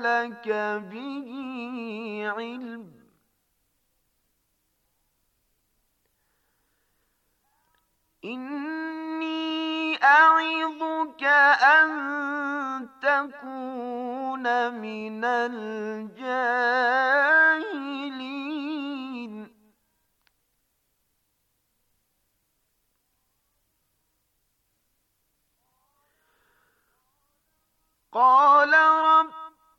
لك به علم إني أعظك أن تكون من الجاهلين قال رب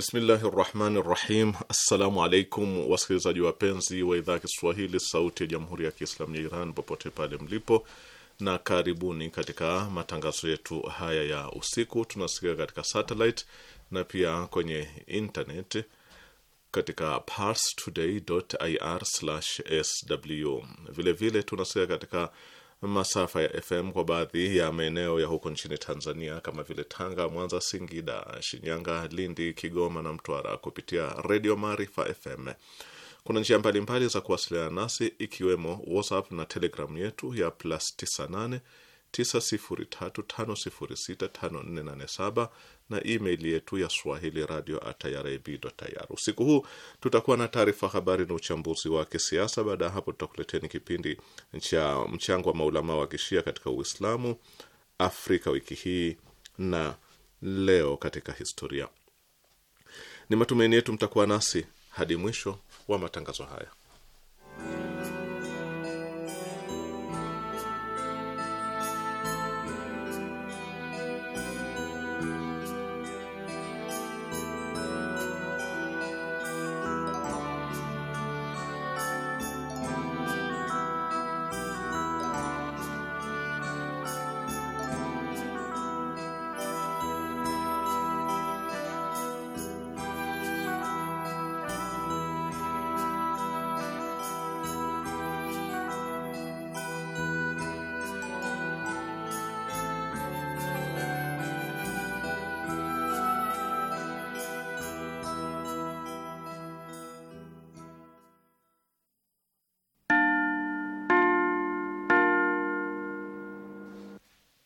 Bismillahi rahmani rahim. Assalamu alaikum wasikilizaji wapenzi wa idhaa ya Kiswahili sauti ya jamhuri ya Kiislamu ya Iran popote pale mlipo, na karibuni katika matangazo yetu haya ya usiku. Tunasikia katika satellite na pia kwenye internet katika parstoday.ir/sw. Vilevile tunasikia katika masafa ya FM kwa baadhi ya maeneo ya huko nchini Tanzania kama vile Tanga, Mwanza, Singida, Shinyanga, Lindi, Kigoma na Mtwara kupitia Redio Maarifa FM. Kuna njia mbalimbali za kuwasiliana nasi ikiwemo WhatsApp na Telegram yetu ya plus 98 903 506 5487 na email yetu ya swahili radio @irib.ir. Usiku huu tutakuwa na taarifa habari na uchambuzi wa kisiasa. Baada ya hapo, tutakuleteni kipindi cha mchango wa maulama wa kishia katika Uislamu, Afrika wiki hii na leo katika historia. Ni matumaini yetu mtakuwa nasi hadi mwisho wa matangazo haya.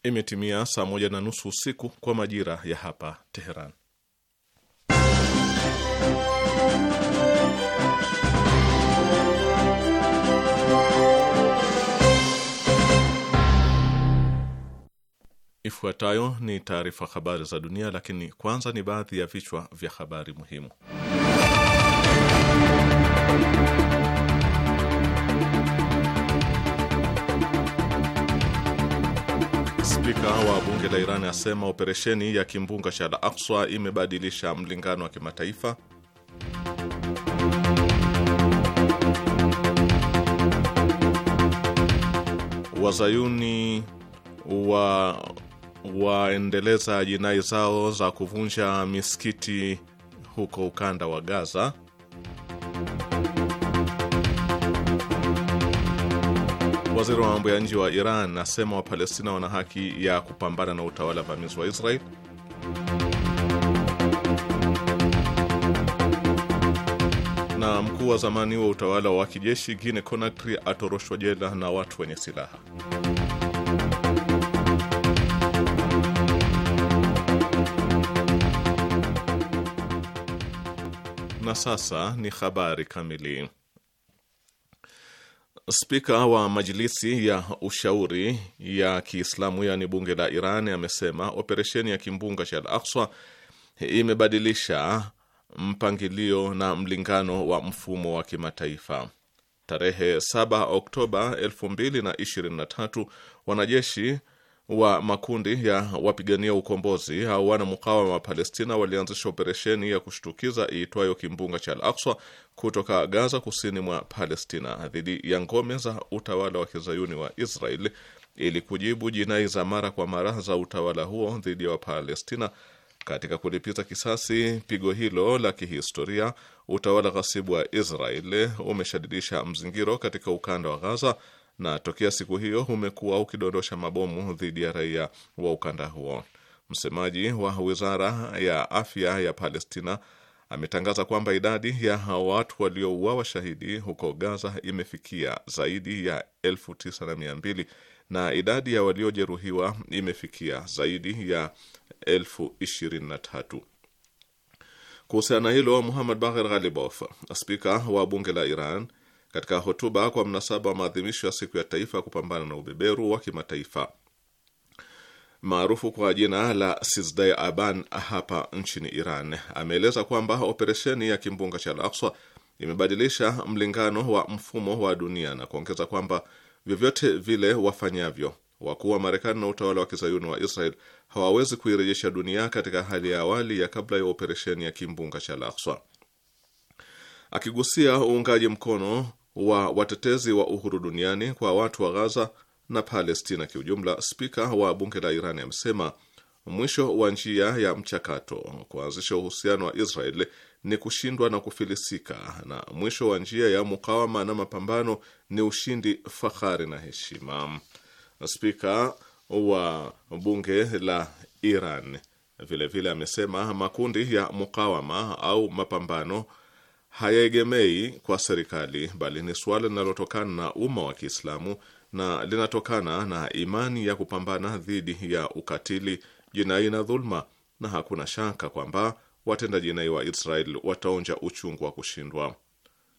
imetimia saa moja na nusu usiku kwa majira ya hapa Teheran. Ifuatayo ni taarifa habari za dunia, lakini kwanza ni baadhi ya vichwa vya habari muhimu. Spika wa bunge la Iran asema operesheni ya kimbunga cha Al-Aqsa imebadilisha mlingano wa kimataifa. Wazayuni wa waendeleza jinai zao za kuvunja misikiti huko ukanda wa Gaza. Waziri wa mambo ya nje wa Iran asema Wapalestina wana haki ya kupambana na utawala vamizi wa Israel. Na mkuu wa zamani wa utawala wa kijeshi guine Conakry atoroshwa jela na watu wenye silaha. Na sasa ni habari kamili. Spika wa Majilisi ya Ushauri ya Kiislamu, yaani bunge la Iran, amesema operesheni ya kimbunga cha Al-Aqsa imebadilisha mpangilio na mlingano wa mfumo wa kimataifa. Tarehe 7 Oktoba 2023 wanajeshi wa makundi ya wapigania ukombozi au wana mukawama wa Palestina walianzisha operesheni ya kushtukiza iitwayo Kimbunga cha Al-Aqsa kutoka Gaza kusini mwa Palestina dhidi ya ngome za utawala wa kizayuni wa Israel ili kujibu jinai za mara kwa mara za utawala huo dhidi ya Wapalestina. Katika kulipiza kisasi pigo hilo la kihistoria, utawala ghasibu wa Israel umeshadidisha mzingiro katika ukanda wa Gaza na tokea siku hiyo umekuwa ukidondosha mabomu dhidi ya raia wa ukanda huo. Msemaji wa wizara ya afya ya Palestina ametangaza kwamba idadi ya watu waliouawa shahidi huko Gaza imefikia zaidi ya elfu tisa na mia mbili na idadi ya waliojeruhiwa imefikia zaidi ya elfu ishirini na tatu. Kuhusiana hilo, Muhammad Baghir Ghalibof, spika wa bunge la Iran katika hotuba kwa mnasaba wa maadhimisho ya siku ya taifa kupambana na ubeberu wa kimataifa maarufu kwa jina la sizdai Aban hapa nchini Iran, ameeleza kwamba operesheni ya kimbunga cha Al-Aqsa imebadilisha mlingano wa mfumo wa dunia na kuongeza kwamba vyovyote vile wafanyavyo wakuu wa Marekani na utawala wa kizayuni wa Israel hawawezi kuirejesha dunia katika hali ya awali ya kabla ya operesheni ya kimbunga cha Al-Aqsa. Akigusia uungaji mkono wa watetezi wa uhuru duniani kwa watu wa Gaza na Palestina kiujumla, spika wa bunge la Irani amesema mwisho wa njia ya mchakato kuanzisha uhusiano wa Israel ni kushindwa na kufilisika, na mwisho wa njia ya mukawama na mapambano ni ushindi, fahari na heshima. Spika wa bunge la Iran vilevile vile amesema makundi ya mukawama au mapambano hayaegemei kwa serikali, bali ni suala linalotokana na umma wa Kiislamu na linatokana na imani ya kupambana dhidi ya ukatili, jinai na dhulma, na hakuna shaka kwamba watenda jinai wa Israel wataonja uchungu wa kushindwa.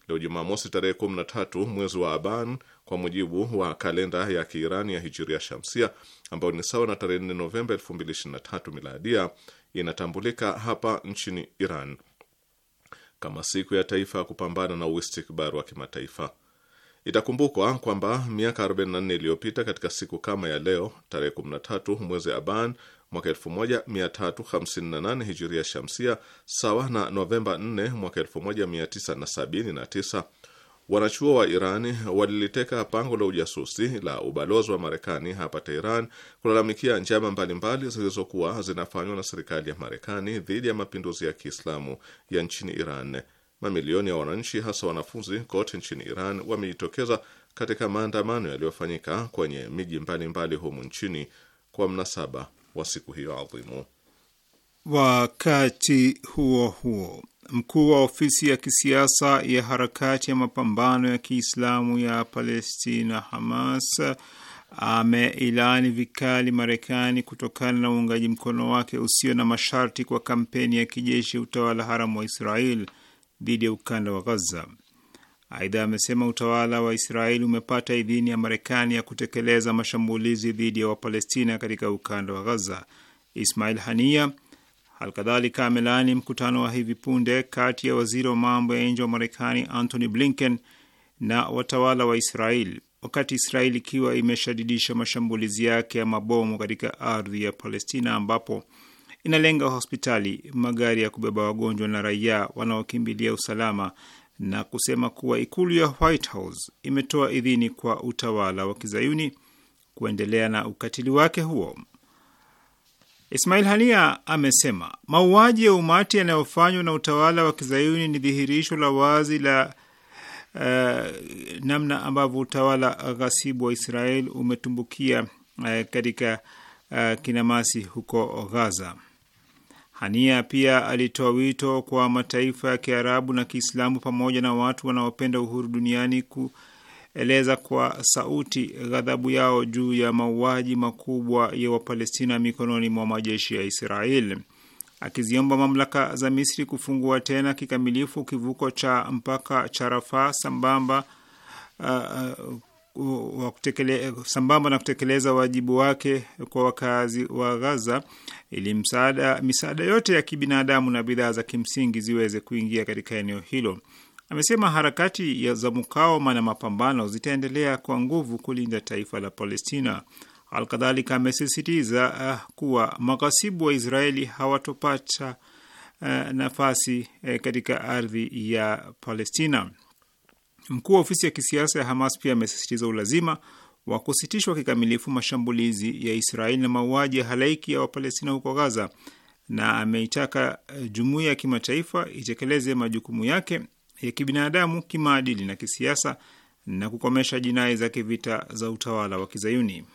Leo Jumamosi tarehe 13 mwezi wa Aban kwa mujibu wa kalenda ya Kiirani ya hijiria shamsia ambayo ni sawa na tarehe 4 Novemba 2023 miladia, inatambulika hapa nchini Iran kama siku ya taifa ya kupambana na uistikbari wa kimataifa. Itakumbukwa kwamba miaka 44 iliyopita katika siku kama ya leo tarehe 13 mwezi Aban mwaka 1358 hijiria shamsia, sawa na Novemba 4 mwaka 1979 Wanachuo wa Iran waliliteka pango la ujasusi la ubalozi wa Marekani hapa Teheran kulalamikia njama mbalimbali zilizokuwa zinafanywa na serikali ya Marekani dhidi ya mapinduzi ya Kiislamu ya nchini Iran. Mamilioni ya wananchi, hasa wanafunzi, kote nchini Iran wamejitokeza katika maandamano yaliyofanyika kwenye miji mbalimbali humu nchini kwa mnasaba wa siku hiyo adhimu. Wakati huo huo mkuu wa ofisi ya kisiasa ya harakati ya mapambano ya Kiislamu ya Palestina, Hamas, ameilani vikali Marekani kutokana na uungaji mkono wake usio na masharti kwa kampeni ya kijeshi utawala haramu wa Israel dhidi ya ukanda wa Gaza. Aidha, amesema utawala wa Israel umepata idhini ya Marekani ya kutekeleza mashambulizi dhidi ya Wapalestina katika ukanda wa Gaza. Ismail Hania Alkadhalika amelaani mkutano wa hivi punde kati ya waziri wa mambo ya nje wa Marekani Antony Blinken na watawala wa Israel wakati Israel ikiwa imeshadidisha mashambulizi yake ya mabomu katika ardhi ya Palestina ambapo inalenga hospitali, magari ya kubeba wagonjwa na raia wanaokimbilia usalama na kusema kuwa ikulu ya White House imetoa idhini kwa utawala wa kizayuni kuendelea na ukatili wake huo. Ismail Hania amesema mauaji ya umati yanayofanywa na utawala wa kizayuni ni dhihirisho la wazi la uh, namna ambavyo utawala ghasibu wa Israel umetumbukia uh, katika uh, kinamasi huko Gaza. Hania pia alitoa wito kwa mataifa ya Kiarabu na Kiislamu pamoja na watu wanaopenda uhuru duniani ku eleza kwa sauti ghadhabu yao juu ya mauaji makubwa ya Wapalestina mikononi mwa majeshi ya israel akiziomba mamlaka za Misri kufungua tena kikamilifu kivuko cha mpaka cha Rafaa sambamba uh, uh wa sambamba na kutekeleza wajibu wake kwa wakazi wa Gaza ili msaada, misaada yote ya kibinadamu na bidhaa za kimsingi ziweze kuingia katika eneo hilo. Amesema harakati za mukawama na mapambano zitaendelea kwa nguvu kulinda taifa la Palestina. Alkadhalika amesisitiza uh, kuwa maghasibu wa Israeli hawatopata uh, nafasi uh, katika ardhi ya Palestina. Mkuu wa ofisi ya kisiasa ya Hamas pia amesisitiza ulazima wa kusitishwa kikamilifu mashambulizi ya Israeli na mauaji ya halaiki ya Wapalestina huko Gaza, na ameitaka jumuiya ya kimataifa itekeleze majukumu yake ya kibinadamu, kimaadili na kisiasa na kukomesha jinai za kivita za utawala wa Kizayuni.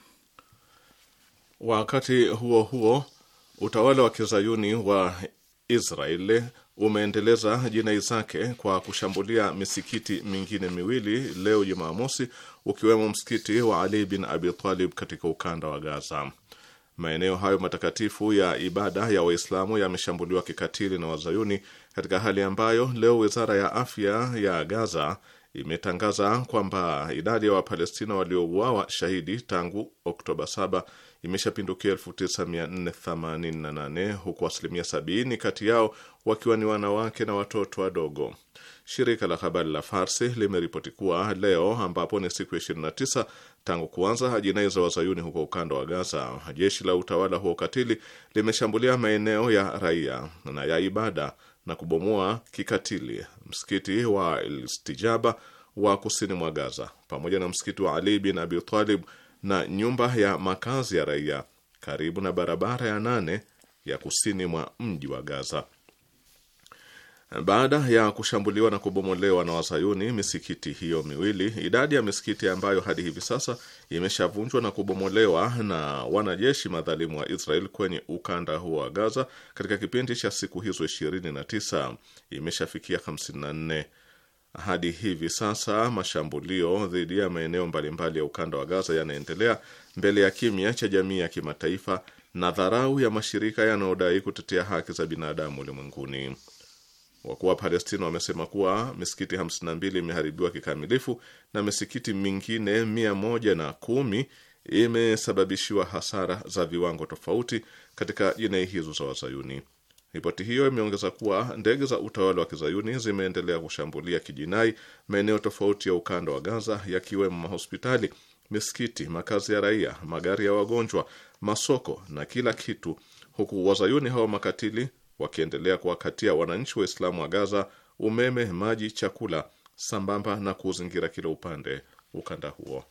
Wakati huo huo, utawala wa Kizayuni wa Israeli umeendeleza jinai zake kwa kushambulia misikiti mingine miwili leo Jumamosi, ukiwemo msikiti wa Ali bin Abi Talib katika ukanda wa Gaza. Maeneo hayo matakatifu ya ibada ya Waislamu yameshambuliwa kikatili na Wazayuni katika hali ambayo leo wizara ya afya ya Gaza imetangaza kwamba idadi ya Wapalestina waliouawa shahidi tangu Oktoba 7 imeshapindukia 9488 huku asilimia 70 kati yao wakiwa ni wanawake na watoto wadogo. Shirika la habari la Farsi limeripoti kuwa leo, ambapo ni siku ya 29 tangu kuanza jinai za wazayuni huko ukanda wa Gaza, jeshi la utawala huo katili limeshambulia maeneo ya raia na ya ibada na kubomoa kikatili msikiti wa Istijaba wa kusini mwa Gaza pamoja na msikiti wa Ali bin Abi Talib na nyumba ya makazi ya raia karibu na barabara ya nane ya kusini mwa mji wa Gaza. Baada ya kushambuliwa na kubomolewa na wazayuni misikiti hiyo miwili, idadi ya misikiti ambayo hadi hivi sasa imeshavunjwa na kubomolewa na wanajeshi madhalimu wa Israel kwenye ukanda huo wa Gaza katika kipindi cha siku hizo 29 imeshafikia 54. Hadi hivi sasa mashambulio dhidi ya maeneo mbalimbali ya ukanda wa Gaza yanaendelea mbele ya kimya cha jamii ya kimataifa na dharau ya mashirika yanayodai kutetea haki za binadamu ulimwenguni. Wakuu wa Palestina wamesema kuwa misikiti 52 imeharibiwa kikamilifu na misikiti mingine 110 imesababishiwa hasara za viwango tofauti katika jinai hizo za Wazayuni. Ripoti hiyo imeongeza kuwa ndege za utawala wa kizayuni zimeendelea kushambulia kijinai maeneo tofauti ya ukanda wa Gaza, yakiwemo mahospitali, misikiti, makazi ya raia, magari ya wagonjwa, masoko na kila kitu, huku Wazayuni hao makatili wakiendelea kuwakatia wananchi Waislamu wa Gaza umeme, maji, chakula sambamba na kuuzingira kila upande ukanda huo.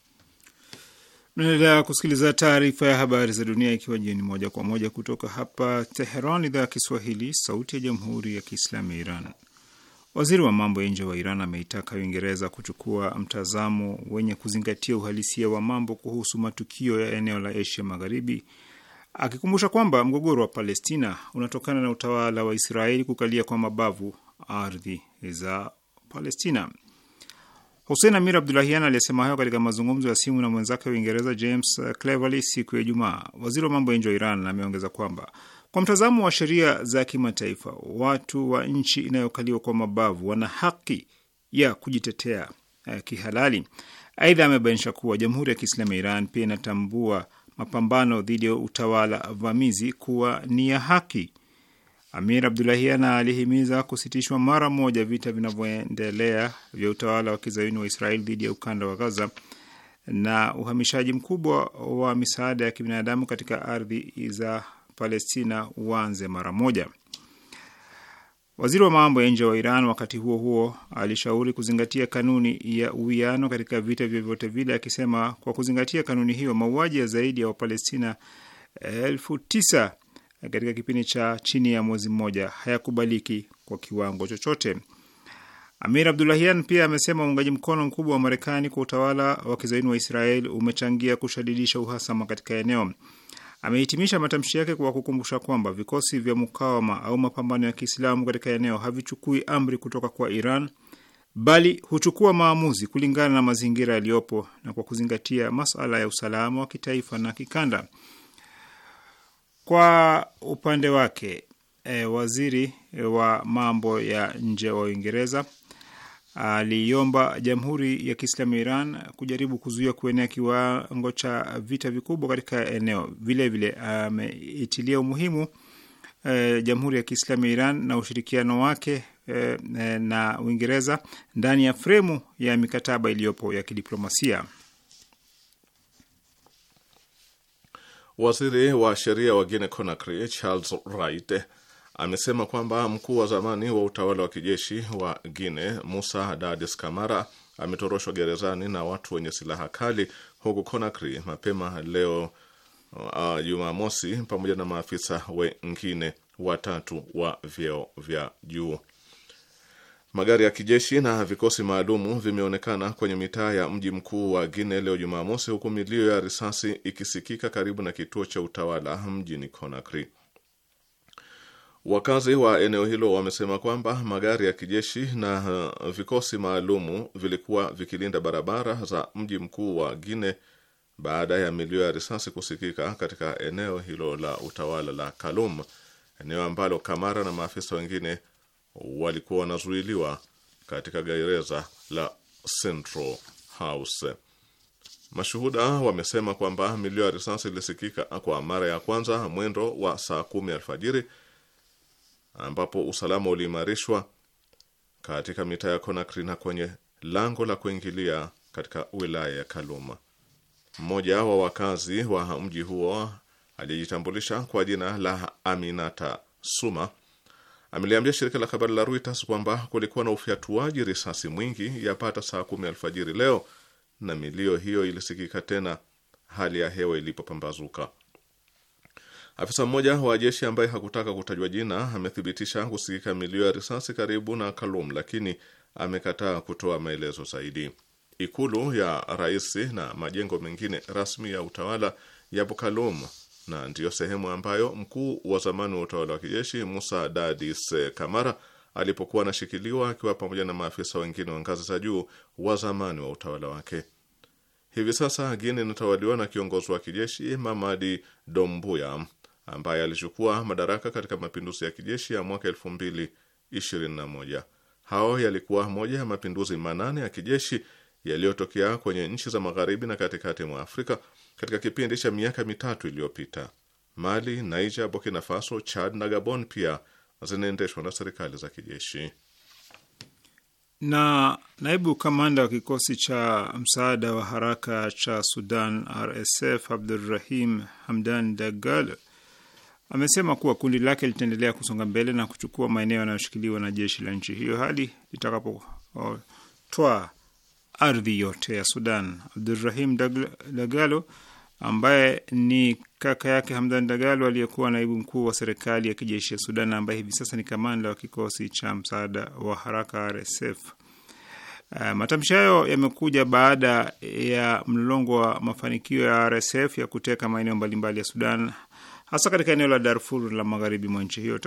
naendelea kusikiliza taarifa ya habari za dunia ikiwa jioni moja kwa moja kutoka hapa Teheran, idhaa ya Kiswahili, sauti ya jamhuri ya kiislamu ya Iran. Waziri wa mambo ya nje wa Iran ameitaka Uingereza kuchukua mtazamo wenye kuzingatia uhalisia wa mambo kuhusu matukio ya eneo la Asia Magharibi akikumbusha kwamba mgogoro wa Palestina unatokana na utawala wa Israeli kukalia kwa mabavu ardhi za Palestina. Hussein Amir Abdulahian aliyesema hayo katika mazungumzo ya simu na mwenzake wa Uingereza James Cleverly siku ya Ijumaa. Waziri wa mambo ya nje wa Iran ameongeza kwamba kwa mtazamo wa sheria za kimataifa, watu wa nchi inayokaliwa kwa mabavu wana haki ya kujitetea eh, kihalali. Aidha, amebainisha kuwa Jamhuri ya Kiislamu ya Iran pia inatambua mapambano dhidi ya utawala vamizi kuwa ni ya haki. Amir Abdulahian alihimiza kusitishwa mara moja vita vinavyoendelea vya utawala wa kizayuni wa Israeli dhidi ya ukanda wa Gaza na uhamishaji mkubwa wa misaada ya kibinadamu katika ardhi za Palestina uanze mara moja. Waziri wa mambo ya nje wa Iran wakati huo huo alishauri kuzingatia kanuni ya uwiano katika vita vyovyote vile, akisema kwa kuzingatia kanuni hiyo mauaji ya zaidi ya Wapalestina elfu tisa katika kipindi cha chini ya mwezi mmoja hayakubaliki kwa kiwango chochote. Amir Abdulahian pia amesema uungaji mkono mkubwa wa Marekani kwa utawala wa kizaini wa Israel umechangia kushadidisha uhasama katika eneo. Amehitimisha matamshi yake kwa kukumbusha kwamba vikosi vya mukawama au mapambano ya Kiislamu katika eneo havichukui amri kutoka kwa Iran bali huchukua maamuzi kulingana na mazingira yaliyopo na kwa kuzingatia masuala ya usalama wa kitaifa na kikanda. Kwa upande wake e, waziri eh, wa mambo ya nje wa Uingereza aliomba Jamhuri ya Kiislamu ya Iran kujaribu kuzuia kuenea kiwango cha vita vikubwa katika eneo. Vilevile ameitilia uh, umuhimu uh, Jamhuri ya Kiislamu ya Iran na ushirikiano wake uh, na Uingereza ndani ya fremu ya mikataba iliyopo ya kidiplomasia. Waziri wa sheria wa Guinea Conakry Charles Wright amesema kwamba mkuu wa zamani wa utawala wa kijeshi wa Guine Musa Dadis Kamara ametoroshwa gerezani na watu wenye silaha kali huku Conakry mapema leo uh, Jumamosi, pamoja na maafisa wengine watatu wa vyeo vya juu. Magari ya kijeshi na vikosi maalumu vimeonekana kwenye mitaa ya mji mkuu wa Guine leo Jumamosi, huku milio ya risasi ikisikika karibu na kituo cha utawala mjini Conakry. Wakazi wa eneo hilo wamesema kwamba magari ya kijeshi na uh, vikosi maalumu vilikuwa vikilinda barabara za mji mkuu wa guine baada ya milio ya risasi kusikika katika eneo hilo la utawala la kalum eneo ambalo Kamara na maafisa wengine walikuwa wanazuiliwa katika gereza la Central House. Mashuhuda wamesema kwamba milio ya risasi ilisikika kwa mara ya kwanza mwendo wa saa kumi alfajiri ambapo usalama uliimarishwa katika mitaa ya Conakry na kwenye lango la kuingilia katika wilaya ya Kaluma. Mmoja wa wakazi wa mji huo aliyejitambulisha kwa jina la Aminata Suma ameliambia shirika la habari la Reuters kwamba kulikuwa na ufyatuaji risasi mwingi yapata saa kumi alfajiri leo, na milio hiyo ilisikika tena hali ya hewa ilipopambazuka. Afisa mmoja wa jeshi ambaye hakutaka kutajwa jina amethibitisha kusikika milio ya risasi karibu na Kalum, lakini amekataa kutoa maelezo zaidi. Ikulu ya rais na majengo mengine rasmi ya utawala yapo Kalum na ndiyo sehemu ambayo mkuu wa zamani wa utawala wa kijeshi Musa Dadis Kamara alipokuwa anashikiliwa akiwa pamoja na maafisa wengine wa ngazi za juu wa zamani wa utawala wake. Hivi sasa Gine inatawaliwa na kiongozi wa kijeshi Mamadi Dombuya ambaye alichukua madaraka katika mapinduzi ya kijeshi ya mwaka 2021. Hao yalikuwa moja ya mapinduzi manane ya kijeshi yaliyotokea kwenye nchi za magharibi na katikati mwa Afrika katika kipindi cha miaka mitatu iliyopita. Mali, Niger, Burkina Faso, Chad na Gabon pia zinaendeshwa na serikali za kijeshi. Na naibu kamanda wa kikosi cha msaada wa haraka cha Sudan RSF Abdurrahim Hamdan Dagalo amesema kuwa kundi lake litaendelea kusonga mbele na kuchukua maeneo yanayoshikiliwa na jeshi la nchi hiyo hadi litakapotoa ardhi yote ya Sudan. Abdurahim Dagalo ambaye ni kaka yake Hamdan Dagalo aliyekuwa naibu mkuu wa serikali ya kijeshi ya Sudan ambaye hivi sasa ni kamanda wa kikosi cha msaada wa haraka RSF. Uh, matamshi hayo yamekuja baada ya mlolongo wa mafanikio ya RSF ya kuteka maeneo mbalimbali ya Sudan hasa katika eneo la Darfur la magharibi mwa nchi hiyo.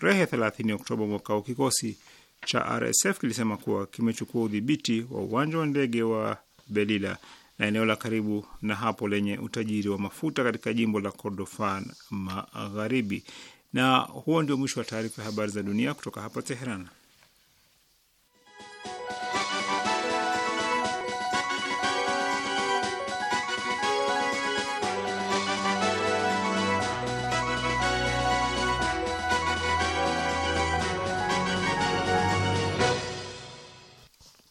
Tarehe 30 Oktoba mwaka huu kikosi cha RSF kilisema kuwa kimechukua udhibiti wa uwanja wa ndege wa Belila na eneo la karibu na hapo lenye utajiri wa mafuta katika jimbo la Kordofan Magharibi. Na huo ndio mwisho wa taarifa ya habari za dunia kutoka hapa Teheran.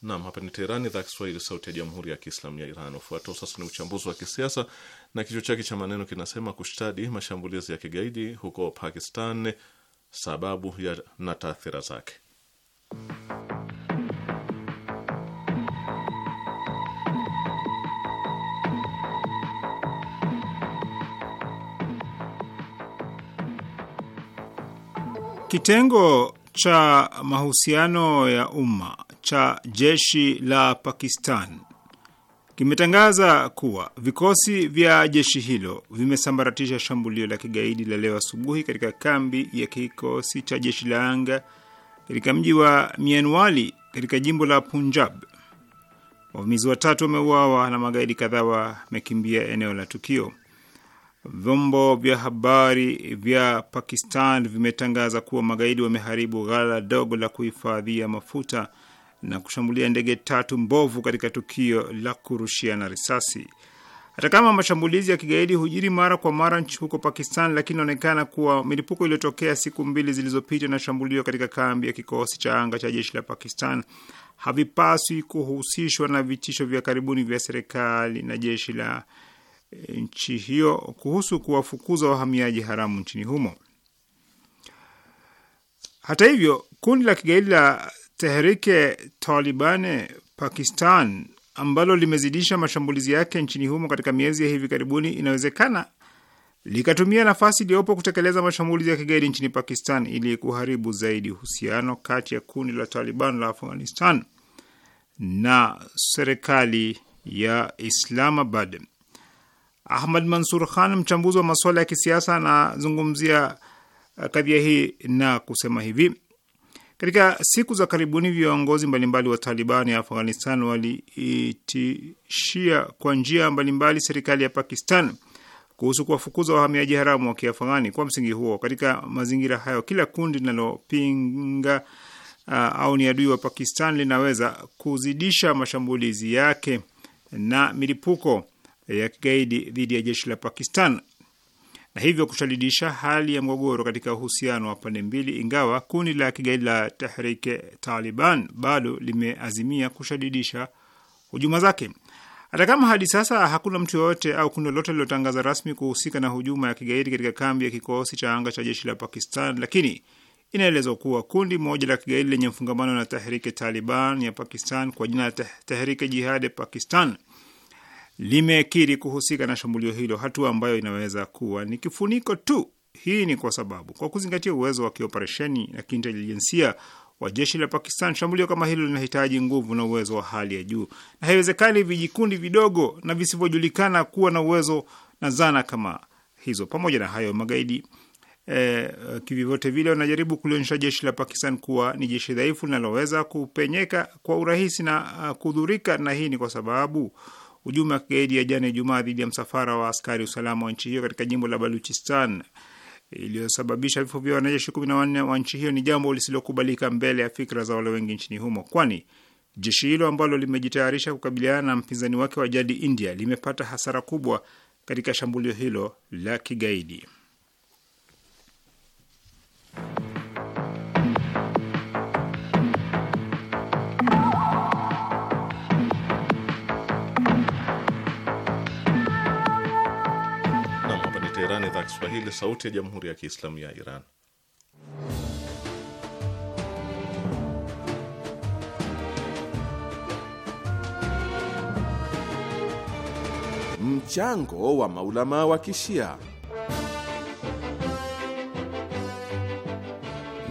Nam, hapa ni Teherani, idhaa ya Kiswahili, sauti ya jamhuri ya kiislamu ya Iran. Ufuatao sasa ni uchambuzi wa kisiasa na kichwa chake cha maneno kinasema kushtadi mashambulizi ya kigaidi huko Pakistan, sababu ya na taathira zake. Kitengo cha mahusiano ya umma cha jeshi la Pakistan kimetangaza kuwa vikosi vya jeshi hilo vimesambaratisha shambulio la kigaidi la leo asubuhi katika kambi ya kikosi cha jeshi la anga katika mji wa Mianwali katika jimbo la Punjab. Wavamizi watatu wameuawa na magaidi kadhaa wamekimbia eneo la tukio. Vyombo vya habari vya Pakistan vimetangaza kuwa magaidi wameharibu ghala dogo la kuhifadhia mafuta na kushambulia ndege tatu mbovu katika tukio la kurushiana risasi. Hata kama mashambulizi ya kigaidi hujiri mara kwa mara huko Pakistan, lakini inaonekana kuwa milipuko iliyotokea siku mbili zilizopita na shambulio katika kambi ya kikosi cha anga cha jeshi la Pakistan havipaswi kuhusishwa na vitisho vya karibuni vya serikali na jeshi la eh, nchi hiyo kuhusu kuwafukuza wahamiaji haramu nchini humo. Hata hivyo, kundi la kigaidi la Tehrike Talibane Pakistan ambalo limezidisha mashambulizi yake nchini humo katika miezi ya hivi karibuni, inawezekana likatumia nafasi iliyopo kutekeleza mashambulizi ya kigaidi nchini Pakistan ili kuharibu zaidi uhusiano kati ya kundi la Taliban la Afghanistan na serikali ya Islamabad. Ahmad Mansur Khan, mchambuzi wa masuala ya kisiasa, anazungumzia kadhia hii na kusema hivi: katika siku za karibuni viongozi mbalimbali wa Taliban ya Afghanistan waliitishia kwa njia mbalimbali serikali ya Pakistan kuhusu kuwafukuza wahamiaji haramu wa Kiafghani. Kwa msingi huo, katika mazingira hayo, kila kundi linalopinga uh, au ni adui wa Pakistan linaweza kuzidisha mashambulizi yake na milipuko ya kigaidi dhidi ya jeshi la Pakistan na hivyo kushadidisha hali ya mgogoro katika uhusiano wa pande mbili, ingawa kundi la kigaidi la tehrike Taliban bado limeazimia kushadidisha hujuma zake. Hata kama hadi sasa hakuna mtu yoyote au kundi lolote lilotangaza rasmi kuhusika na hujuma ya kigaidi katika kambi ya kikosi cha anga cha jeshi la Pakistan, lakini inaelezwa kuwa kundi moja la kigaidi lenye mfungamano na tehrike Taliban ya Pakistan kwa jina la tehrike Jihad Pakistan limekiri kuhusika na shambulio hilo, hatua ambayo inaweza kuwa ni kifuniko tu. Hii ni kwa sababu kwa kuzingatia uwezo wa kioperesheni na kiintelijensia wa jeshi la Pakistan, shambulio kama hilo linahitaji nguvu na uwezo wa hali ya juu, na haiwezekani vijikundi vidogo na visivyojulikana kuwa na uwezo na zana kama hizo. Pamoja na hayo, magaidi eh, kivyovyote vile wanajaribu kulionyesha jeshi la Pakistan kuwa ni jeshi dhaifu linaloweza kupenyeka kwa urahisi na uh, kudhurika, na hii ni kwa sababu hujuma wa kigaidi ya jana Ijumaa dhidi ya msafara wa askari usalama wa nchi hiyo katika jimbo la Baluchistan iliyosababisha vifo vya wanajeshi kumi na wanne wa nchi hiyo ni jambo lisilokubalika mbele ya fikra za wale wengi nchini humo, kwani jeshi hilo ambalo limejitayarisha kukabiliana na mpinzani wake wa jadi India limepata hasara kubwa katika shambulio hilo la kigaidi. idhaa ya Kiswahili, sauti ya jamhuri ya kiislamu ya Iran. Mchango wa maulama wa kishia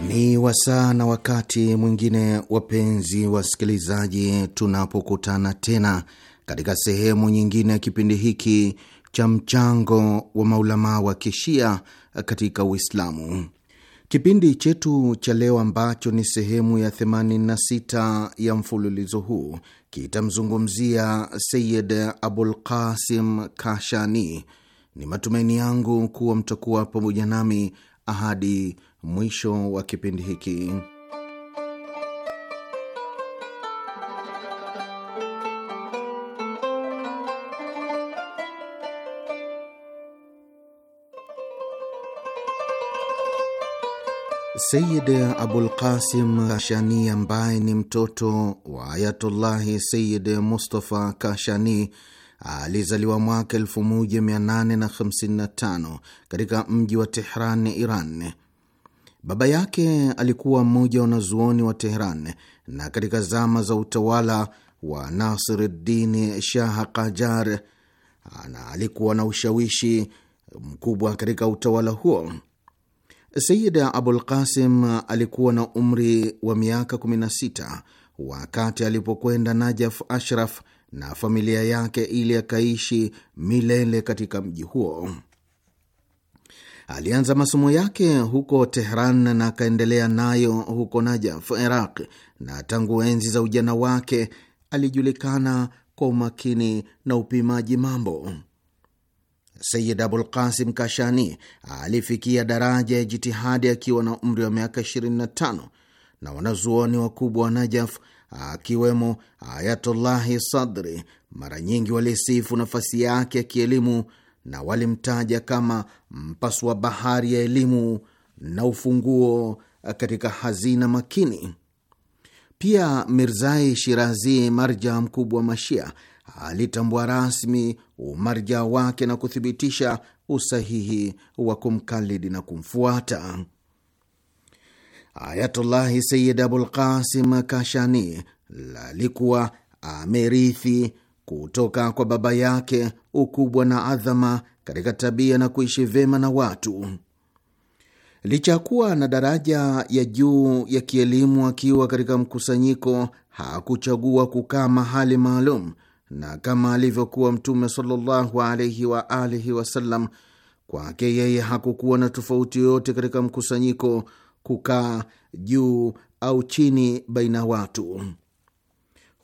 Ni wasaa na wakati mwingine, wapenzi wasikilizaji, tunapokutana tena katika sehemu nyingine ya kipindi hiki cha mchango wa maulamaa wa kishia katika Uislamu. Kipindi chetu cha leo ambacho ni sehemu ya 86 ya mfululizo huu kitamzungumzia Sayid Abul Qasim Kashani. Ni matumaini yangu kuwa mtakuwa pamoja nami ahadi mwisho wa kipindi hiki. Sayid Abul Qasim Kashani ambaye ni mtoto wa Ayatullahi Sayid Mustafa Kashani alizaliwa mwaka 1855 katika mji wa Tehran, Iran. Baba yake alikuwa mmoja wa wanazuoni wa Tehran, na katika zama za utawala wa Nasiruddin Shah Kajar na alikuwa na ushawishi mkubwa katika utawala huo. Sayida Abul Qasim alikuwa na umri wa miaka 16 wakati alipokwenda Najaf Ashraf na familia yake ili akaishi milele katika mji huo. Alianza masomo yake huko Tehran na akaendelea nayo huko Najaf, Iraq, na tangu enzi za ujana wake alijulikana kwa umakini na upimaji mambo. Sayid Abul Qasim Kashani alifikia daraja ya jitihadi akiwa na umri wa miaka 25 na wanazuoni wakubwa wa Najaf akiwemo Ayatullahi Sadri mara nyingi walisifu nafasi yake ya kielimu na walimtaja kama mpaswa bahari ya elimu na ufunguo katika hazina makini. Pia Mirzai Shirazi, marja mkubwa wa Mashia, alitambua rasmi umarja wake na kuthibitisha usahihi wa kumkalidi na kumfuata. Ayatullahi Sayid Abul Qasim Kashani alikuwa amerithi kutoka kwa baba yake ukubwa na adhama katika tabia na kuishi vyema na watu. Licha ya kuwa na daraja ya juu ya kielimu, akiwa katika mkusanyiko hakuchagua kukaa mahali maalum, na kama alivyokuwa Mtume sallallahu alaihi wa alihi wasallam, kwake yeye hakukuwa na tofauti yoyote katika mkusanyiko, kukaa juu au chini baina ya watu.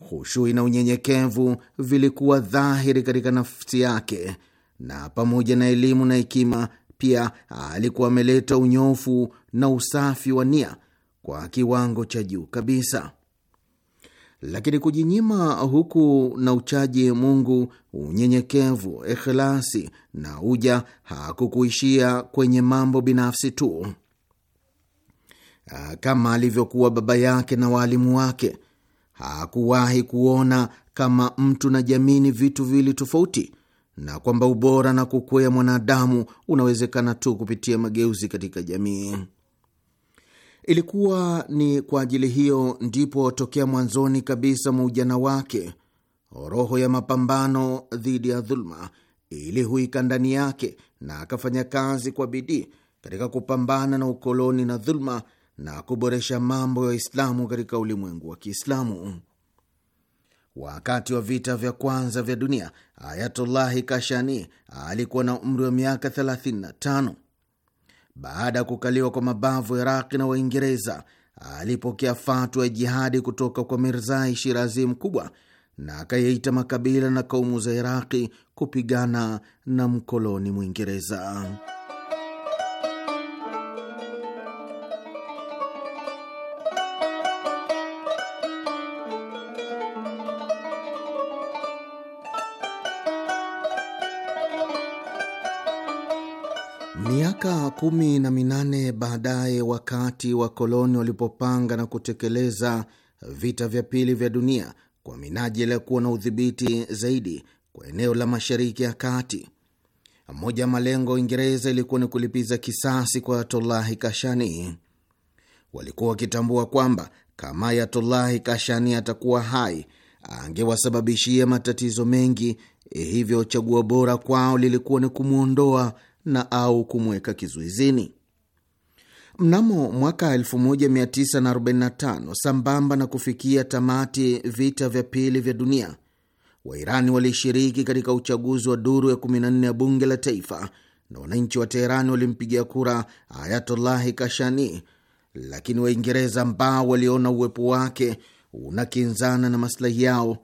Hushui na unyenyekevu vilikuwa dhahiri katika nafsi yake, na pamoja na elimu na hekima pia alikuwa ameleta unyofu na usafi wa nia kwa kiwango cha juu kabisa lakini kujinyima huku na uchaji Mungu, unyenyekevu, ikhlasi na uja hakukuishia kwenye mambo binafsi tu, ah, kama alivyokuwa baba yake na waalimu wake. Hakuwahi kuona kama mtu na jamii ni vitu viwili tofauti, na kwamba ubora na kukwea mwanadamu unawezekana tu kupitia mageuzi katika jamii. Ilikuwa ni kwa ajili hiyo ndipo tokea mwanzoni kabisa mwa ujana wake roho ya mapambano dhidi ya dhuluma ilihuika ndani yake, na akafanya kazi kwa bidii katika kupambana na ukoloni na dhuluma na kuboresha mambo ya Waislamu katika ulimwengu wa Kiislamu. Wakati wa vita vya kwanza vya dunia, Ayatullahi Kashani alikuwa na umri wa miaka 35 baada ya kukaliwa kwa mabavu Iraqi na Waingereza, alipokea fatwa ya jihadi kutoka kwa Mirzai Shirazi mkubwa na akayeita makabila na kaumu za Iraqi kupigana na mkoloni Mwingereza. kumi na minane baadaye, wakati wa koloni walipopanga na kutekeleza vita vya pili vya dunia kwa minajili ya kuwa na udhibiti zaidi kwa eneo la Mashariki ya Kati. Moja ya malengo ya Uingereza ilikuwa ni kulipiza kisasi kwa Ayatullahi Kashani. Walikuwa wakitambua kwamba kama Ayatullahi Kashani atakuwa hai angewasababishia matatizo mengi, eh, hivyo chaguo bora kwao lilikuwa ni kumwondoa na au kumweka kizuizini. Mnamo mwaka 1945 sambamba na kufikia tamati vita vya pili vya dunia, Wairani walishiriki katika uchaguzi wa duru ya 14 ya bunge la taifa na wananchi wa Teherani walimpigia kura Ayatollahi Kashani, lakini Waingereza ambao waliona uwepo wake unakinzana na maslahi yao,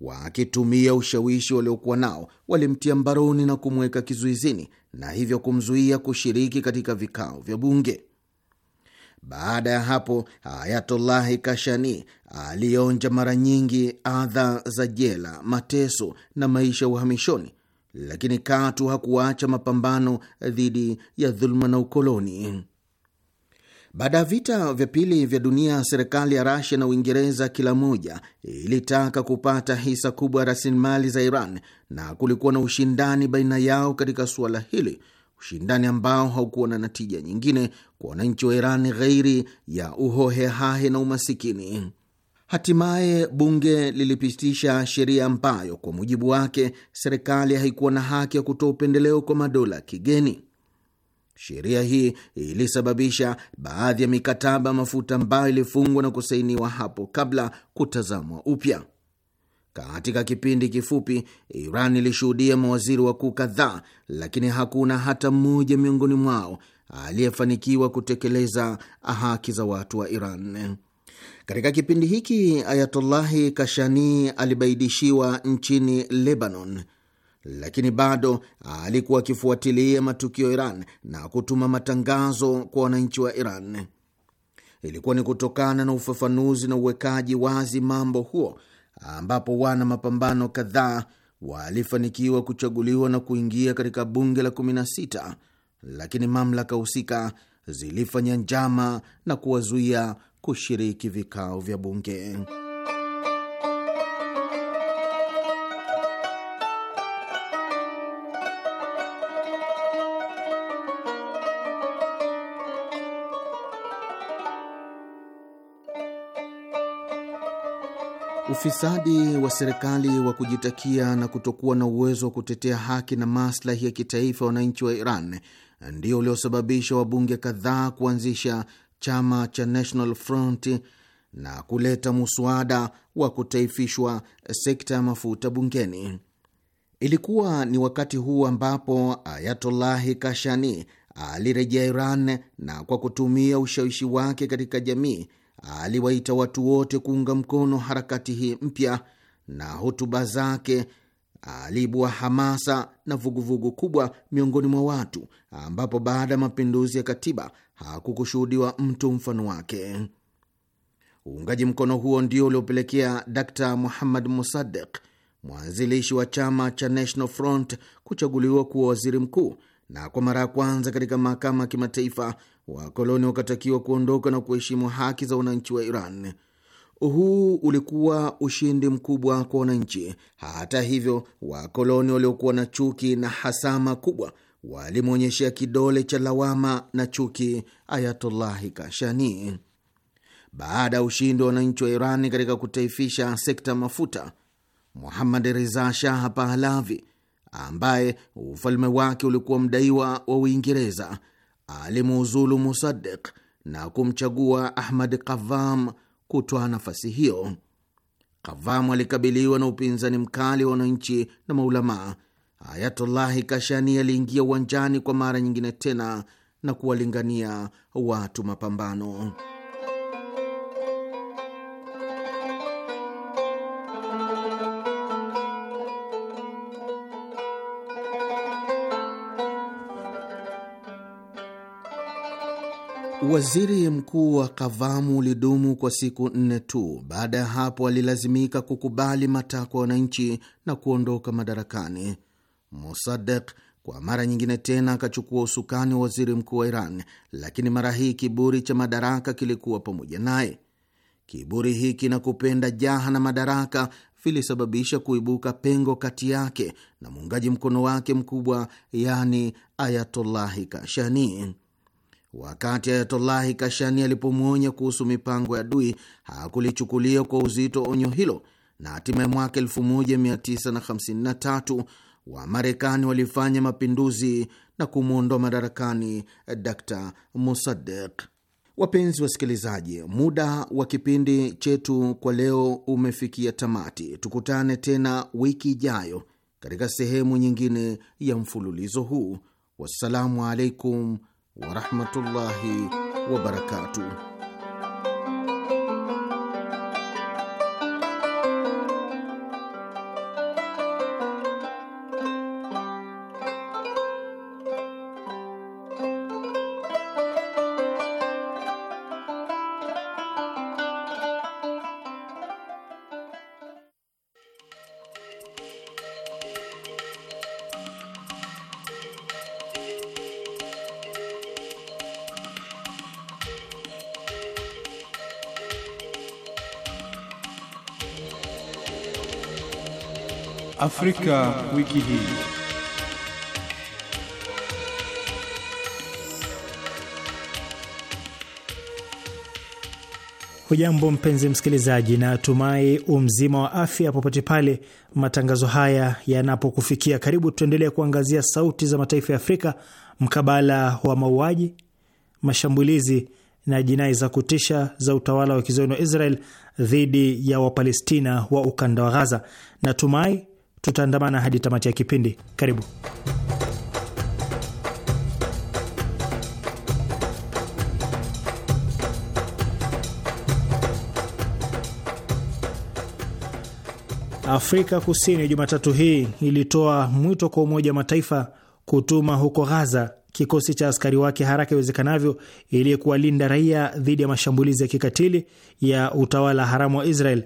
wakitumia ushawishi waliokuwa nao, walimtia mbaroni na kumweka kizuizini na hivyo kumzuia kushiriki katika vikao vya bunge. Baada ya hapo, Ayatullahi Kashani alionja mara nyingi adha za jela, mateso na maisha ya uhamishoni, lakini katu hakuacha mapambano dhidi ya dhuluma na ukoloni. Baada ya vita vya pili vya dunia, serikali ya Rasia na Uingereza kila moja ilitaka kupata hisa kubwa ya rasilimali za Iran, na kulikuwa na ushindani baina yao katika suala hili, ushindani ambao haukuwa na natija nyingine kwa wananchi wa Iran ghairi ya uhohehahe na umasikini. Hatimaye bunge lilipitisha sheria ambayo kwa mujibu wake serikali haikuwa na haki ya kutoa upendeleo kwa madola kigeni. Sheria hii ilisababisha baadhi ya mikataba mafuta ambayo ilifungwa na kusainiwa hapo kabla kutazamwa upya. Katika kipindi kifupi, Iran ilishuhudia mawaziri wakuu kadhaa, lakini hakuna hata mmoja miongoni mwao aliyefanikiwa kutekeleza haki za watu wa Iran. Katika kipindi hiki Ayatullahi Kashani alibaidishiwa nchini Lebanon lakini bado alikuwa akifuatilia matukio Iran na kutuma matangazo kwa wananchi wa Iran. Ilikuwa ni kutokana na ufafanuzi na uwekaji wazi mambo huo ambapo wana mapambano kadhaa walifanikiwa kuchaguliwa na kuingia katika bunge la 16 lakini mamlaka husika zilifanya njama na kuwazuia kushiriki vikao vya bunge. Ufisadi wa serikali wa kujitakia na kutokuwa na uwezo wa kutetea haki na maslahi ya kitaifa ya wananchi wa Iran ndio uliosababisha wabunge kadhaa kuanzisha chama cha National Front na kuleta muswada wa kutaifishwa sekta ya mafuta bungeni. Ilikuwa ni wakati huu ambapo Ayatollahi Kashani alirejea Iran na kwa kutumia ushawishi wake katika jamii aliwaita watu wote kuunga mkono harakati hii mpya, na hotuba zake aliibua hamasa na vuguvugu kubwa miongoni mwa watu, ambapo baada ya mapinduzi ya katiba hakukushuhudiwa mtu mfano wake. Uungaji mkono huo ndio uliopelekea Dr Muhammad Musaddiq, mwanzilishi wa chama cha National Front, kuchaguliwa kuwa waziri mkuu na kwa mara ya kwanza katika mahakama ya kimataifa wakoloni wakatakiwa kuondoka na kuheshimu haki za wananchi wa Iran. Huu ulikuwa ushindi mkubwa kwa wananchi. Hata hivyo, wakoloni waliokuwa na chuki na hasama kubwa walimwonyeshea kidole cha lawama na chuki Ayatullahi Kashani. Baada ya ushindi wa wananchi wa iran katika kutaifisha sekta mafuta, Muhammad Reza Shah Pahlavi ambaye ufalme wake ulikuwa mdaiwa wa Uingereza alimuuzulu musadik na kumchagua Ahmad Qavam kutoa nafasi hiyo. kavam alikabiliwa na upinzani mkali wa wananchi na maulamaa. Ayatullahi Kashani aliingia uwanjani kwa mara nyingine tena na kuwalingania watu mapambano. Waziri mkuu wa Kavamu ulidumu kwa siku nne tu. Baada ya hapo, alilazimika kukubali matakwa ya wananchi na kuondoka madarakani. Mosadek kwa mara nyingine tena akachukua usukani wa waziri mkuu wa Iran, lakini mara hii kiburi cha madaraka kilikuwa pamoja naye. Kiburi hiki na kupenda jaha na madaraka vilisababisha kuibuka pengo kati yake na muungaji mkono wake mkubwa, yani Ayatullahi Kashani. Wakati ayatolahi Kashani alipomwonya kuhusu mipango ya adui, hakulichukulia kwa uzito onyo hilo, na hatimaye mwaka 1953 Wamarekani walifanya mapinduzi na kumwondoa madarakani Dr Musaddiq. Wapenzi wasikilizaji, muda wa kipindi chetu kwa leo umefikia tamati. Tukutane tena wiki ijayo katika sehemu nyingine ya mfululizo huu. Wassalamu alaikum ورحمه الله وبركاته Afrika wiki hii. Hujambo mpenzi msikilizaji, na tumai umzima wa afya popote pale matangazo haya yanapokufikia. Karibu tuendelee kuangazia sauti za mataifa ya Afrika mkabala wa mauaji, mashambulizi na jinai za kutisha za utawala wa kizayuni wa Israel dhidi ya Wapalestina wa ukanda wa Ghaza. Natumai tutaandamana hadi tamati ya kipindi. Karibu. Afrika Kusini Jumatatu hii ilitoa mwito kwa Umoja wa Mataifa kutuma huko Ghaza kikosi cha askari wake haraka iwezekanavyo ili kuwalinda raia dhidi ya mashambulizi ya kikatili ya utawala haramu wa Israel.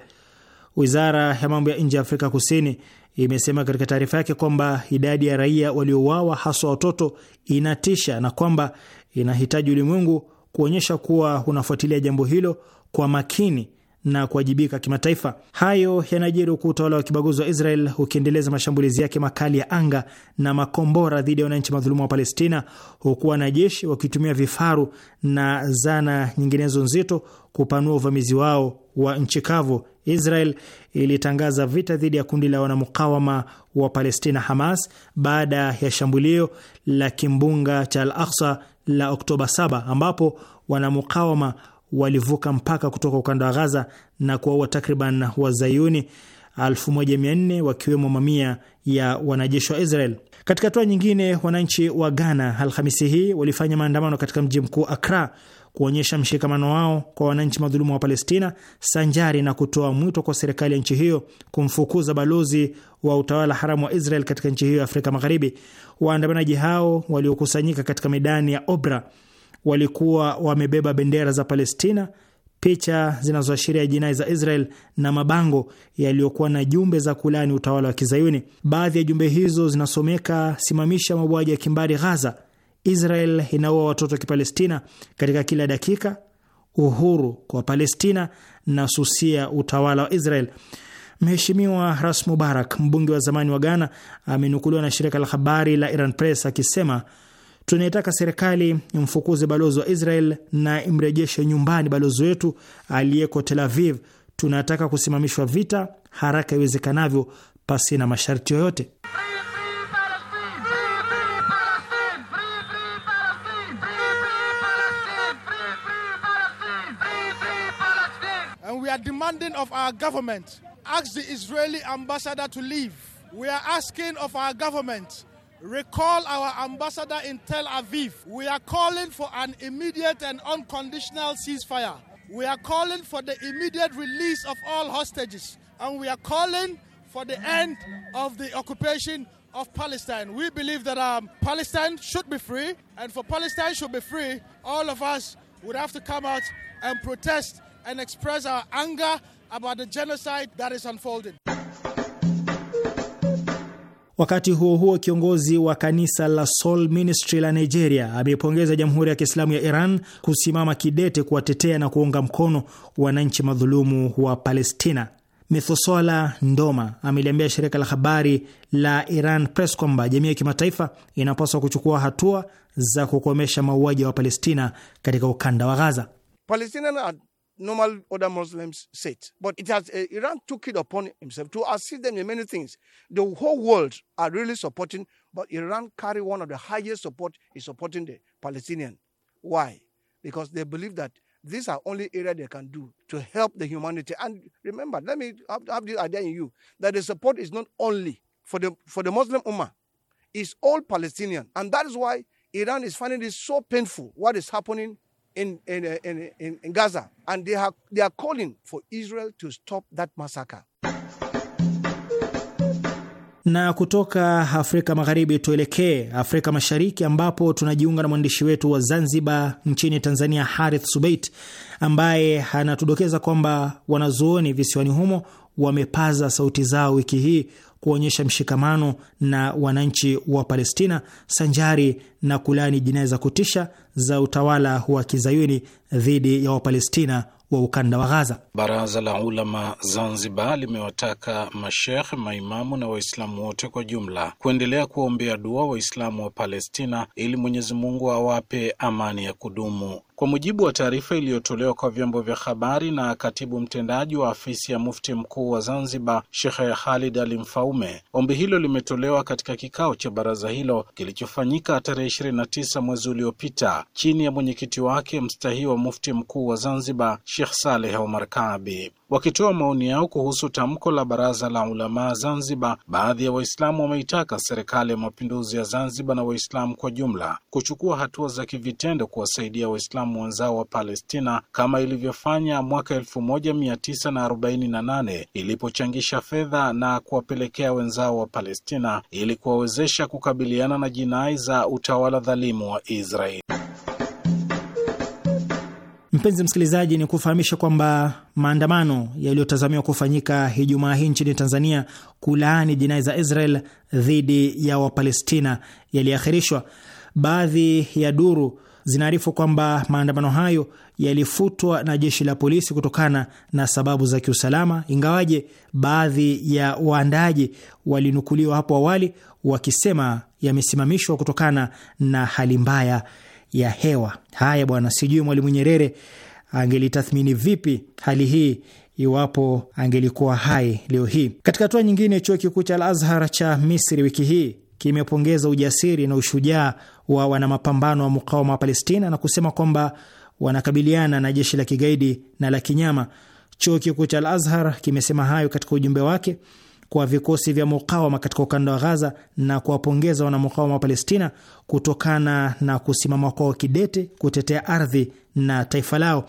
Wizara ya mambo ya nje ya Afrika Kusini imesema katika taarifa yake kwamba idadi ya raia waliouawa haswa watoto inatisha na kwamba inahitaji ulimwengu kuonyesha kuwa unafuatilia jambo hilo kwa makini na kuwajibika kimataifa. Hayo yanajiri huku utawala wa kibaguzi wa Israel ukiendeleza mashambulizi yake makali ya anga na makombora dhidi ya wananchi madhulumu wa Palestina, huku wanajeshi wakitumia vifaru na zana nyinginezo nzito kupanua uvamizi wao wa nchi kavu Israel ilitangaza vita dhidi ya kundi la wanamukawama wa Palestina, Hamas, baada ya shambulio la kimbunga cha Al Aksa la Oktoba 7 ambapo wanamukawama walivuka mpaka kutoka ukanda wa Ghaza na kuwaua takriban wazayuni 1400 wakiwemo mamia ya wanajeshi wa Israel. Katika hatua nyingine, wananchi wa Ghana Alhamisi hii walifanya maandamano katika mji mkuu Akra kuonyesha mshikamano wao kwa wananchi madhulumu wa Palestina, sanjari na kutoa mwito kwa serikali ya nchi hiyo kumfukuza balozi wa utawala haramu wa Israel katika nchi hiyo ya Afrika Magharibi. Waandamanaji hao waliokusanyika katika midani ya Obra walikuwa wamebeba bendera za Palestina, picha zinazoashiria jinai za Israel na mabango yaliyokuwa na jumbe za kulani utawala wa Kizayuni. Baadhi ya jumbe hizo zinasomeka: simamisha mauaji ya kimbari Ghaza, Israel inaua watoto wa Kipalestina katika kila dakika, uhuru kwa Palestina na susia utawala wa Israel. Mheshimiwa Ras Mubarak, mbunge wa zamani wa Ghana, amenukuliwa na shirika la habari la Iran Press akisema, tunaitaka serikali imfukuze balozi wa Israel na imrejeshe nyumbani balozi wetu aliyeko Tel Aviv. Tunataka kusimamishwa vita haraka iwezekanavyo, pasi na masharti yoyote. demanding of our government. Ask the Israeli ambassador to leave. We are asking of our government recall our ambassador in Tel Aviv. We are calling for an immediate and unconditional ceasefire. We are calling for the immediate release of all hostages. And we are calling for the end of the occupation of Palestine. We believe that um, Palestine should be free. And for Palestine should be free, all of us would have to come out and protest and express our anger about the genocide that is unfolding. Wakati huo huo, kiongozi wa kanisa la Soul Ministry la Nigeria ameipongeza Jamhuri ya Kiislamu ya Iran kusimama kidete kuwatetea na kuunga mkono wananchi madhulumu wa Palestina. Mithosola Ndoma ameliambia shirika la habari la Iran Press kwamba jamii ya kimataifa inapaswa kuchukua hatua za kukomesha mauaji wa palestina katika ukanda wa Gaza. Palestinian normal other Muslims sit. But it has uh, Iran took it upon himself to assist them in many things. The whole world are really supporting, but Iran carry one of the highest support is supporting the Palestinian. Why? Because they believe that these are only area they can do to help the humanity. And remember, let me have, have this idea in you that the support is not only for the for the Muslim Ummah, it's all Palestinian, and that is why Iran is finding it so painful what is happening in, in, uh, in, in, in Gaza. And they, have, they are calling for Israel to stop that massacre. Na kutoka Afrika Magharibi tuelekee Afrika Mashariki, ambapo tunajiunga na mwandishi wetu wa Zanzibar nchini Tanzania, Harith Subait, ambaye anatudokeza kwamba wanazuoni visiwani humo wamepaza sauti zao wiki hii kuonyesha mshikamano na wananchi wa Palestina sanjari na kulaani jinai za kutisha za utawala wa kizayuni dhidi ya Wapalestina wa ukanda wa Ghaza. Baraza la Ulama Zanzibar limewataka mashekh, maimamu na Waislamu wote kwa jumla kuendelea kuwaombea dua Waislamu wa Palestina ili Mwenyezi Mungu awape amani ya kudumu. Kwa mujibu wa taarifa iliyotolewa kwa vyombo vya habari na katibu mtendaji wa afisi ya mufti mkuu wa Zanzibar, Shekhe Khalid Ali Mfaume, ombi hilo limetolewa katika kikao cha baraza hilo kilichofanyika tarehe 29 mwezi uliopita chini ya mwenyekiti wake mstahii wa mufti mkuu wa Zanzibar, Shekh Saleh Omar Kaabi. Wakitoa maoni yao kuhusu tamko la Baraza la Ulamaa Zanzibar, baadhi ya Waislamu wameitaka Serikali ya Mapinduzi ya Zanzibar na Waislamu kwa jumla kuchukua hatua za kivitendo kuwasaidia Waislamu wenzao wa Palestina kama ilivyofanya mwaka 1948 ilipochangisha fedha na kuwapelekea wenzao wa Palestina ili kuwawezesha kukabiliana na jinai za utawala dhalimu wa Israeli. Mpenzi msikilizaji, ni kufahamisha kwamba maandamano yaliyotazamiwa kufanyika Ijumaa hii nchini Tanzania kulaani jinai za Israel dhidi ya Wapalestina yaliahirishwa. Baadhi ya duru zinaarifu kwamba maandamano hayo yalifutwa na jeshi la polisi kutokana na sababu za kiusalama, ingawaje baadhi ya waandaji walinukuliwa hapo awali wakisema yamesimamishwa kutokana na hali mbaya ya hewa. Haya bwana, sijui Mwalimu Nyerere angelitathmini vipi hali hii iwapo angelikuwa hai leo hii. Katika hatua nyingine, chuo kikuu cha Al Azhar cha Misri wiki hii kimepongeza ujasiri na ushujaa wa wanamapambano wa mukawama wa Palestina na kusema kwamba wanakabiliana na jeshi la kigaidi na la kinyama. Chuo kikuu cha Al Azhar kimesema hayo katika ujumbe wake kwa vikosi vya mukawama katika ukanda wa Ghaza na kuwapongeza wanamukawama wa Palestina kutokana na kusimama kwao kidete kutetea ardhi na taifa lao.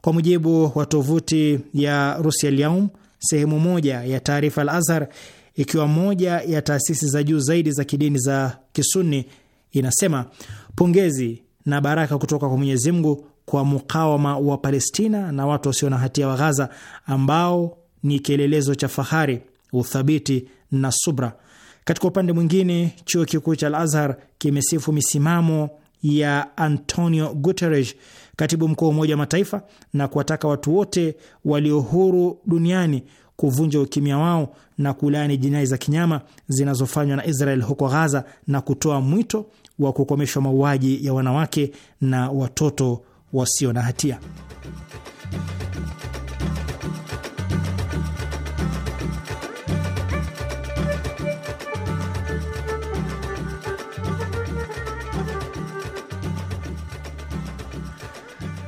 Kwa mujibu wa tovuti ya Rusia Lyaum, sehemu moja ya taarifa Al Azhar, ikiwa moja ya taasisi za juu zaidi za kidini za Kisuni, inasema pongezi na baraka kutoka kwa Mwenyezi Mungu kwa mukawama wa Palestina na watu wasio na hatia wa Ghaza ambao ni kielelezo cha fahari uthabiti na subra. Katika upande mwingine, chuo kikuu cha Al Azhar kimesifu misimamo ya Antonio Guterres, katibu mkuu wa Umoja wa Mataifa, na kuwataka watu wote walio huru duniani kuvunja ukimya wao na kulaani jinai za kinyama zinazofanywa na Israel huko Ghaza na kutoa mwito wa kukomeshwa mauaji ya wanawake na watoto wasio na hatia.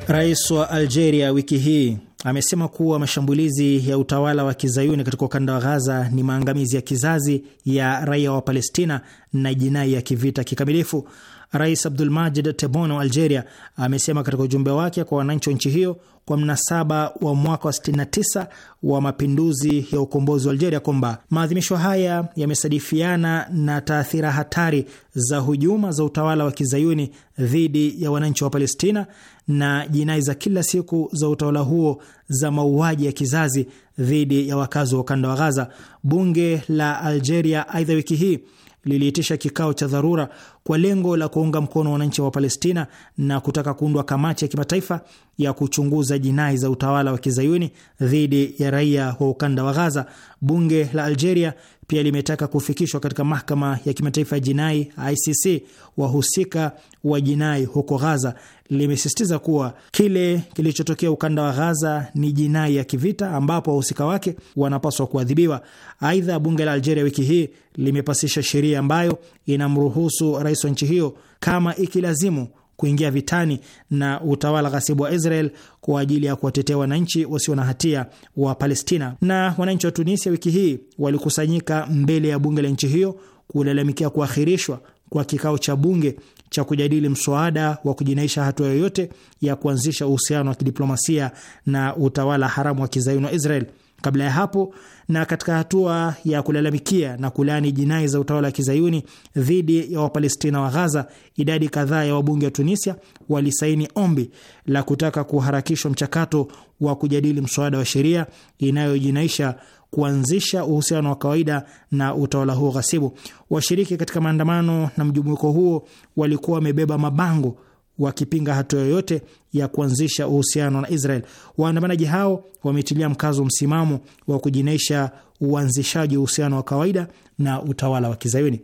Rais wa Algeria wiki hii amesema kuwa mashambulizi ya utawala wa kizayuni katika ukanda wa Ghaza ni maangamizi ya kizazi ya raia wa Palestina na jinai ya kivita kikamilifu. Rais Abdulmajid Tebboune wa Algeria amesema katika ujumbe wake kwa wananchi wa nchi hiyo kwa mnasaba wa mwaka wa 69 wa mapinduzi ya ukombozi wa Algeria kwamba maadhimisho haya yamesadifiana na taathira hatari za hujuma za utawala wa kizayuni dhidi ya wananchi wa Palestina na jinai za kila siku za utawala huo za mauaji ya kizazi dhidi ya wakazi wa ukanda wa Gaza. Bunge la Algeria aidha wiki hii liliitisha kikao cha dharura kwa lengo la kuunga mkono wananchi wa Palestina na kutaka kuundwa kamati ya kimataifa ya kuchunguza jinai za utawala wa kizayuni dhidi ya raia wa ukanda wa Ghaza. Bunge la Algeria pia limetaka kufikishwa katika mahakama ya kimataifa ya jinai ICC wahusika wa jinai huko Ghaza. Limesisitiza kuwa kile kilichotokea ukanda wa Ghaza ni jinai ya kivita ambapo wahusika wake wanapaswa kuadhibiwa. Aidha, bunge la Algeria wiki hii limepasisha sheria ambayo inamruhusu rais wa nchi hiyo kama ikilazimu kuingia vitani na utawala ghasibu wa Israel kwa ajili ya kuwatetea wananchi wasio na hatia wa Palestina. Na wananchi wa Tunisia wiki hii walikusanyika mbele ya bunge la nchi hiyo kulalamikia kuahirishwa kwa kikao cha bunge cha kujadili mswada wa kujinaisha hatua yoyote ya kuanzisha uhusiano wa kidiplomasia na utawala haramu wa kizayuni wa Israel. Kabla ya hapo na katika hatua ya kulalamikia na kulaani jinai za utawala wa kizayuni dhidi ya Wapalestina wa Ghaza, idadi kadhaa ya wabunge wa Tunisia walisaini ombi la kutaka kuharakishwa mchakato wa kujadili mswada wa sheria inayojinaisha kuanzisha uhusiano wa kawaida na utawala huo ghasibu. Washiriki katika maandamano na mjumuiko huo walikuwa wamebeba mabango wakipinga hatua yoyote ya kuanzisha uhusiano na Israel. Waandamanaji hao wametilia mkazo msimamo wa kujinaisha uanzishaji uhusiano wa kawaida na utawala wa kizayuni.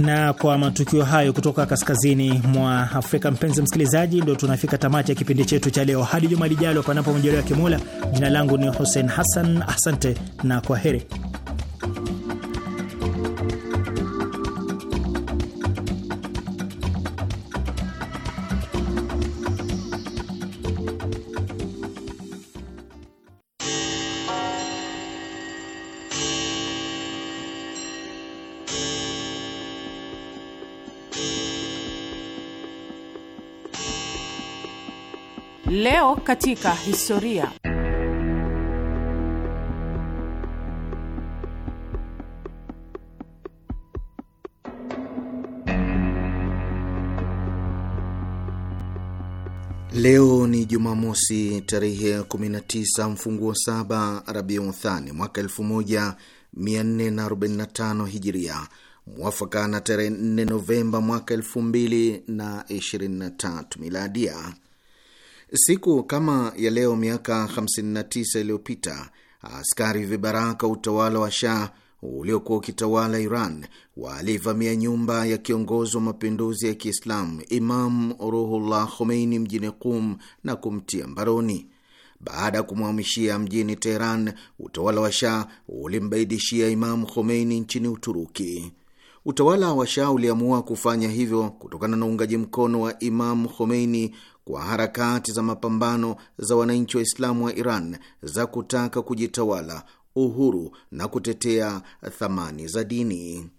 na kwa matukio hayo kutoka kaskazini mwa Afrika, mpenzi msikilizaji, ndo tunafika tamati ya kipindi chetu cha leo. Hadi juma lijalo, panapo majaliwa ya Kimola. Jina langu ni Hussein Hassan, asante na kwa heri. katika historia. Leo ni Jumamosi tarehe 19 mfunguo saba Rabiu Thani mwaka 1445 Hijiria, mwafaka na tarehe 4 Novemba mwaka 2023 Miladia. Siku kama ya leo miaka 59 iliyopita askari vibaraka utawala wa Shah uliokuwa ukitawala Iran walivamia nyumba ya kiongozi wa mapinduzi ya Kiislamu Imam Ruhullah Khomeini mjini Qum na kumtia mbaroni. Baada ya kumhamishia mjini Teheran, utawala wa Shah ulimbaidishia Imam Khomeini nchini Uturuki. Utawala wa Shah uliamua kufanya hivyo kutokana na uungaji mkono wa Imam Khomeini kwa harakati za mapambano za wananchi wa islamu wa Iran za kutaka kujitawala, uhuru na kutetea thamani za dini.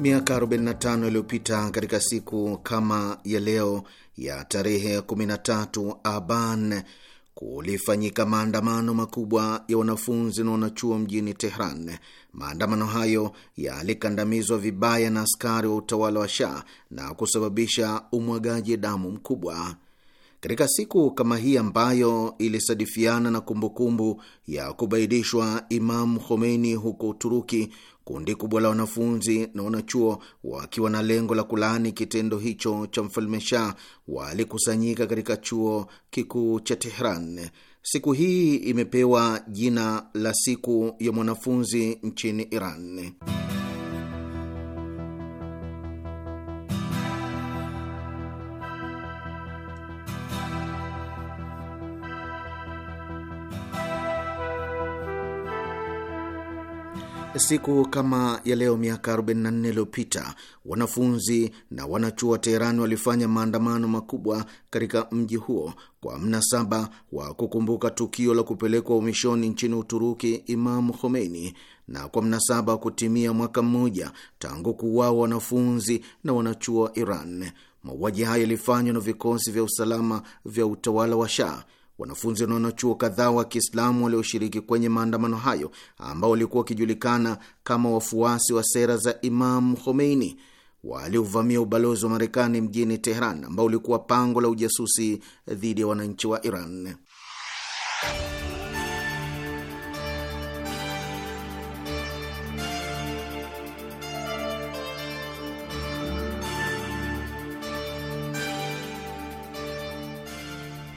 Miaka 45 iliyopita katika siku kama ya leo ya tarehe 13 Aban kulifanyika maandamano makubwa ya wanafunzi na wanachuo mjini Tehran. Maandamano hayo yalikandamizwa vibaya na askari wa utawala wa Shah na kusababisha umwagaji damu mkubwa. Katika siku kama hii ambayo ilisadifiana na kumbukumbu ya kubaidishwa Imamu Khomeini huko Uturuki, Kundi kubwa la wanafunzi na wanachuo wakiwa na lengo la kulaani kitendo hicho cha mfalme Shah walikusanyika katika chuo kikuu cha Tehran. Siku hii imepewa jina la siku ya mwanafunzi nchini Iran. Siku kama ya leo miaka 44 iliyopita wanafunzi na wanachuo wa Teherani walifanya maandamano makubwa katika mji huo kwa mnasaba wa kukumbuka tukio la kupelekwa umishoni nchini Uturuki Imamu Khomeini na kwa mnasaba wa kutimia mwaka mmoja tangu kuuawa wanafunzi na wanachuo wa Iran. Mauaji hayo yalifanywa na vikosi vya usalama vya utawala wa Shah Wanafunzi na wanachuo kadhaa wa Kiislamu walioshiriki kwenye maandamano hayo ambao walikuwa wakijulikana kama wafuasi wa sera za imam Khomeini waliovamia ubalozi wa Marekani mjini Teheran ambao ulikuwa pango la ujasusi dhidi ya wananchi wa Iran.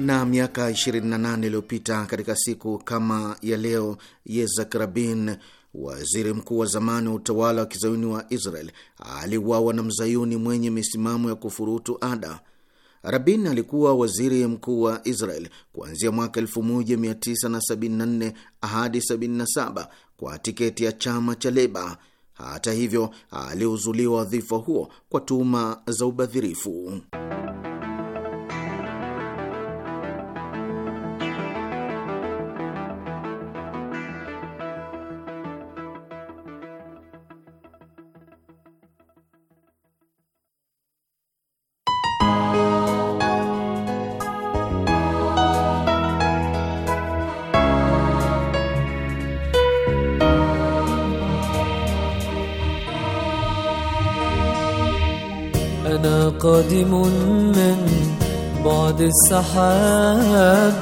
na miaka 28 iliyopita katika siku kama ya leo, Yitzhak Rabin, waziri mkuu wa zamani wa utawala wa kizayuni wa Israel, aliuawa na mzayuni mwenye misimamo ya kufurutu ada. Rabin alikuwa waziri mkuu wa Israel kuanzia mwaka 1974 hadi 77 kwa tiketi ya chama cha Leba. Hata hivyo, aliuzuliwa wadhifa huo kwa tuhuma za ubadhirifu. السحاب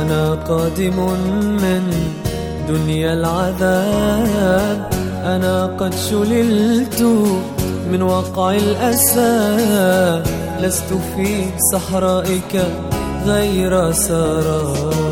أنا قادم من دنيا العذاب أنا قد شللت من وقع الأسى لست في صحرائك غير سراب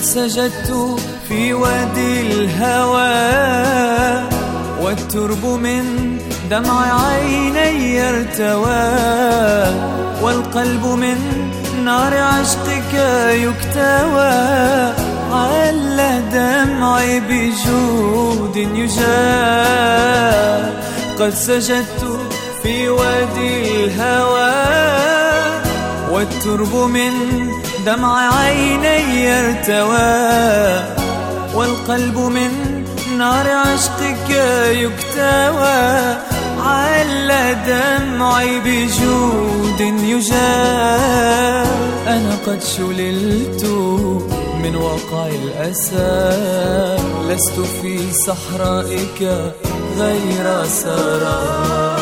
قد سجدت في وادي الهوى والترب من دمع عيني ارتوى والقلب من نار عشقك يكتوى على دمعي بجود يجاب قد سجدت في وادي الهوى والترب من دمع عيني ارتوى والقلب من نار عشقك يكتوى على دمعي بجود يجاب أنا قد شللت من وقع الأسى لست في صحرائك غير سراب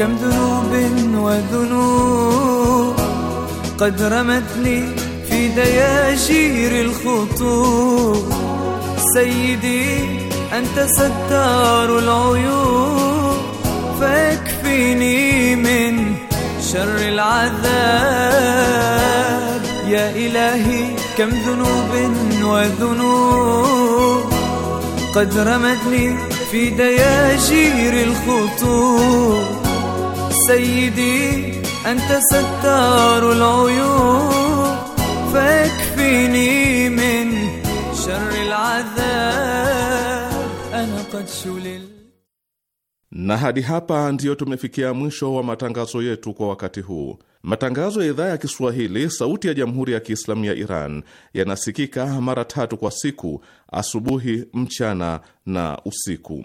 كم ذنوب وذنوب قد رمتني في دياجير الخطوب سيدي أنت ستار العيوب فاكفيني من شر العذاب يا إلهي كم ذنوب وذنوب قد رمتني في دياجير الخطوب سيدي أنت ستار العيوب فاكفيني من شر العذاب أنا قد شلل na hadi hapa ndiyo tumefikia mwisho wa matangazo yetu kwa wakati huu. Matangazo ya idhaa ya Kiswahili sauti ya jamhuri ya Kiislamu ya Iran yanasikika mara tatu kwa siku: asubuhi, mchana na usiku.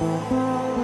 Música